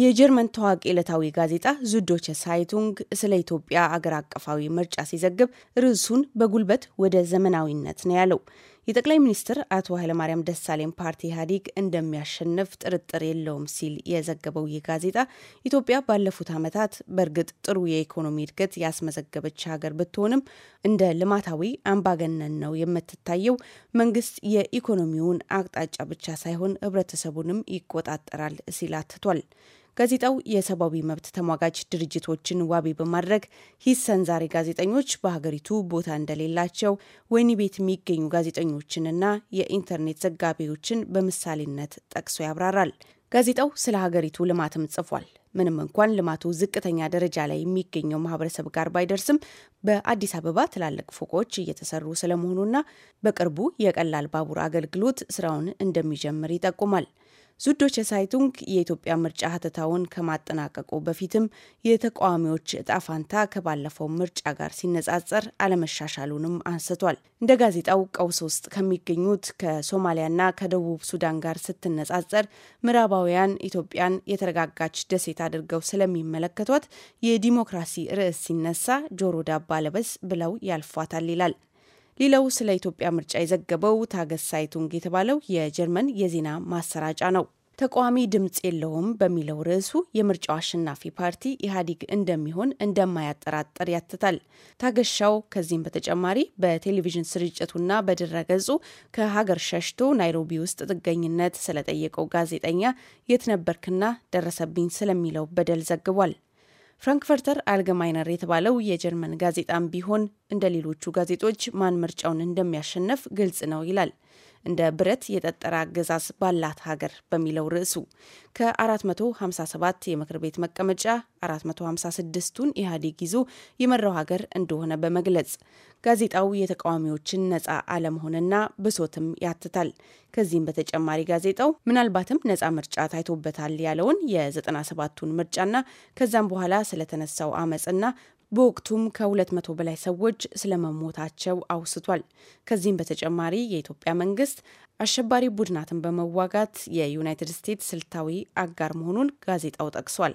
የጀርመን ታዋቂ ዕለታዊ ጋዜጣ ዙዶቸ ሳይቱንግ ስለ ኢትዮጵያ አገር አቀፋዊ ምርጫ ሲዘግብ ርዕሱን በጉልበት ወደ ዘመናዊነት ነው ያለው። የጠቅላይ ሚኒስትር አቶ ኃይለማርያም ደሳለኝ ፓርቲ ኢህአዴግ እንደሚያሸንፍ ጥርጥር የለውም ሲል የዘገበው ይህ ጋዜጣ ኢትዮጵያ ባለፉት ዓመታት በእርግጥ ጥሩ የኢኮኖሚ እድገት ያስመዘገበች ሀገር ብትሆንም እንደ ልማታዊ አምባገነን ነው የምትታየው። መንግስት የኢኮኖሚውን አቅጣጫ ብቻ ሳይሆን ህብረተሰቡንም ይቆጣጠራል ሲል አትቷል። ጋዜጣው የሰብአዊ መብት ተሟጋች ድርጅቶችን ዋቢ በማድረግ ሂሰን ዛሬ ጋዜጠኞች በሀገሪቱ ቦታ እንደሌላቸው ወህኒ ቤት የሚገኙ ጋዜጠኞችንና የኢንተርኔት ዘጋቢዎችን በምሳሌነት ጠቅሶ ያብራራል። ጋዜጣው ስለ ሀገሪቱ ልማትም ጽፏል። ምንም እንኳን ልማቱ ዝቅተኛ ደረጃ ላይ የሚገኘው ማህበረሰብ ጋር ባይደርስም በአዲስ አበባ ትላልቅ ፎቆች እየተሰሩ ስለመሆኑና በቅርቡ የቀላል ባቡር አገልግሎት ስራውን እንደሚጀምር ይጠቁማል። ዙዶች ሳይቱንግ የኢትዮጵያ ምርጫ ሀተታውን ከማጠናቀቁ በፊትም የተቃዋሚዎች ጣፋንታ ከባለፈው ምርጫ ጋር ሲነጻጸር አለመሻሻሉንም አንስቷል። እንደ ጋዜጣው ቀውስ ውስጥ ከሚገኙት ከሶማሊያና ከደቡብ ሱዳን ጋር ስትነጻጸር ምዕራባውያን ኢትዮጵያን የተረጋጋች ደሴት አድርገው ስለሚመለከቷት የዲሞክራሲ ርዕስ ሲነሳ ጆሮ ዳባ ለበስ ብለው ያልፏታል ይላል። ሌላው ስለ ኢትዮጵያ ምርጫ የዘገበው ታገስ ሳይቱንግ የተባለው የጀርመን የዜና ማሰራጫ ነው። ተቃዋሚ ድምፅ የለውም በሚለው ርዕሱ የምርጫው አሸናፊ ፓርቲ ኢህአዴግ እንደሚሆን እንደማያጠራጠር ያትታል። ታገሻው ከዚህም በተጨማሪ በቴሌቪዥን ስርጭቱና በድረ ገጹ ከሀገር ሸሽቶ ናይሮቢ ውስጥ ጥገኝነት ስለጠየቀው ጋዜጠኛ የት ነበርክና ደረሰብኝ ስለሚለው በደል ዘግቧል። ፍራንክፈርተር አልገማይነር የተባለው የጀርመን ጋዜጣም ቢሆን እንደ ሌሎቹ ጋዜጦች ማን ምርጫውን እንደሚያሸነፍ ግልጽ ነው ይላል። እንደ ብረት የጠጠረ አገዛዝ ባላት ሀገር በሚለው ርዕሱ ከ457 የምክር ቤት መቀመጫ 456ቱን ኢህአዴግ ይዞ የመራው ሀገር እንደሆነ በመግለጽ ጋዜጣው የተቃዋሚዎችን ነጻ አለመሆንና ብሶትም ያትታል። ከዚህም በተጨማሪ ጋዜጣው ምናልባትም ነጻ ምርጫ ታይቶበታል ያለውን የ97ቱን ምርጫና ከዛም በኋላ ስለተነሳው አመፅና በወቅቱም ከ200 በላይ ሰዎች ስለመሞታቸው አውስቷል። ከዚህም በተጨማሪ የኢትዮጵያ መንግስት አሸባሪ ቡድናትን በመዋጋት የዩናይትድ ስቴትስ ስልታዊ አጋር መሆኑን ጋዜጣው ጠቅሷል።